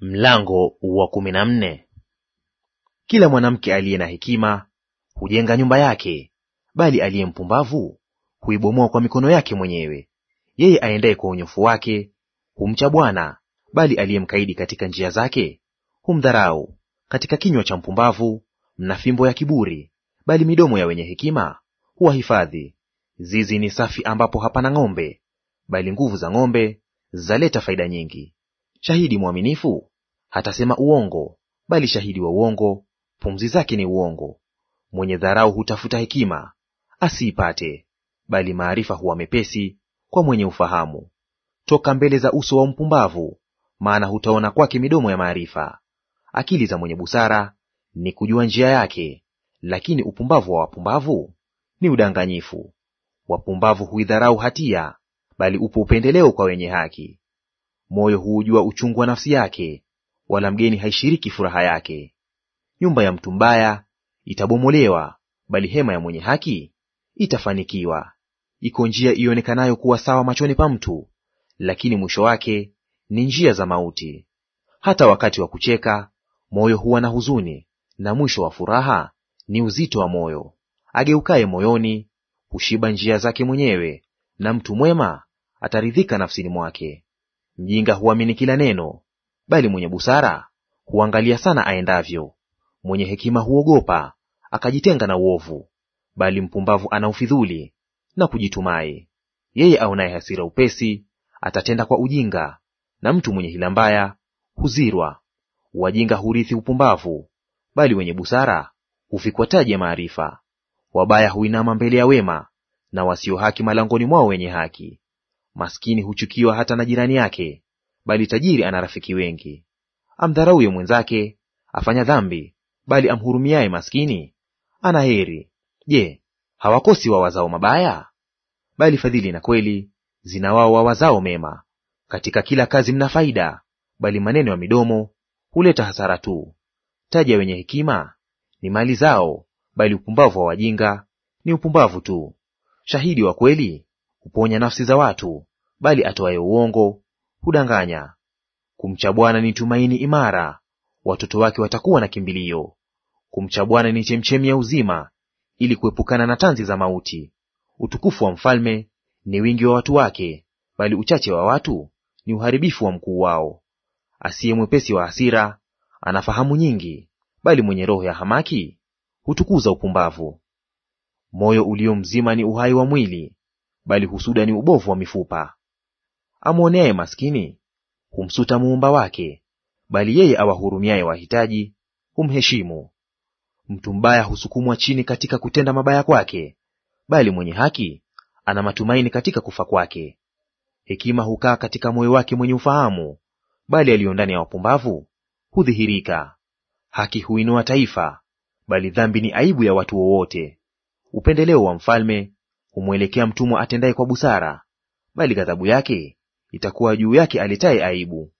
Mlango wa kumi na nne. Kila mwanamke aliye na hekima hujenga nyumba yake, bali aliye mpumbavu huibomoa kwa mikono yake mwenyewe. Yeye aendaye kwa unyofu wake humcha Bwana, bali aliyemkaidi katika njia zake humdharau. Katika kinywa cha mpumbavu mna fimbo ya kiburi, bali midomo ya wenye hekima huwahifadhi. Zizi ni safi ambapo hapana ng'ombe, bali nguvu za ng'ombe zaleta faida nyingi. Shahidi mwaminifu hatasema uongo, bali shahidi wa uongo pumzi zake ni uongo. Mwenye dharau hutafuta hekima, asiipate, bali maarifa huwa mepesi kwa mwenye ufahamu. Toka mbele za uso wa mpumbavu, maana hutaona kwake midomo ya maarifa. Akili za mwenye busara ni kujua njia yake, lakini upumbavu wa wapumbavu ni udanganyifu. Wapumbavu huidharau hatia, bali upo upendeleo kwa wenye haki. Moyo huujua uchungu wa nafsi yake, wala mgeni haishiriki furaha yake. Nyumba ya mtu mbaya itabomolewa, bali hema ya mwenye haki itafanikiwa. Iko njia ionekanayo kuwa sawa machoni pa mtu, lakini mwisho wake ni njia za mauti. Hata wakati wa kucheka moyo huwa na huzuni, na mwisho wa furaha ni uzito wa moyo. Ageukaye moyoni hushiba njia zake mwenyewe, na mtu mwema ataridhika nafsini mwake. Mjinga huamini kila neno, bali mwenye busara huangalia sana aendavyo. Mwenye hekima huogopa akajitenga na uovu, bali mpumbavu ana ufidhuli na kujitumai. Yeye aonaye hasira upesi atatenda kwa ujinga, na mtu mwenye hila mbaya huzirwa. Wajinga hurithi upumbavu, bali wenye busara hufikwa taji ya maarifa. Wabaya huinama mbele ya wema, na wasio haki malangoni mwao wenye haki. Maskini huchukiwa hata na jirani yake, bali tajiri ana rafiki wengi. Amdharauye mwenzake afanya dhambi, bali amhurumiaye maskini ana heri. Je, hawakosi wawazao mabaya? Bali fadhili na kweli zina wao wawazao mema. Katika kila kazi mna faida, bali maneno ya midomo huleta hasara tu. Taji ya wenye hekima ni mali zao, bali upumbavu wa wajinga ni upumbavu tu. Shahidi wa kweli huponya nafsi za watu, bali atoaye uongo hudanganya. Kumcha Bwana ni tumaini imara, watoto wake watakuwa na kimbilio. Kumcha Bwana ni chemchemi ya uzima, ili kuepukana na tanzi za mauti. Utukufu wa mfalme ni wingi wa watu wake, bali uchache wa watu ni uharibifu wa mkuu wao. Asiye mwepesi wa hasira anafahamu nyingi, bali mwenye roho ya hamaki hutukuza upumbavu. Moyo ulio mzima ni uhai wa mwili, bali husuda ni ubovu wa mifupa amwoneaye maskini humsuta muumba wake, bali yeye awahurumiaye wahitaji humheshimu. Mtu mbaya husukumwa chini katika kutenda mabaya kwake, bali mwenye haki ana matumaini katika kufa kwake. Hekima hukaa katika moyo wake mwenye ufahamu, bali aliyo ndani ya wapumbavu hudhihirika. Haki huinua taifa, bali dhambi ni aibu ya watu wowote. Upendeleo wa mfalme humwelekea mtumwa atendaye kwa busara, bali ghadhabu yake itakuwa juu yake aletaye aibu.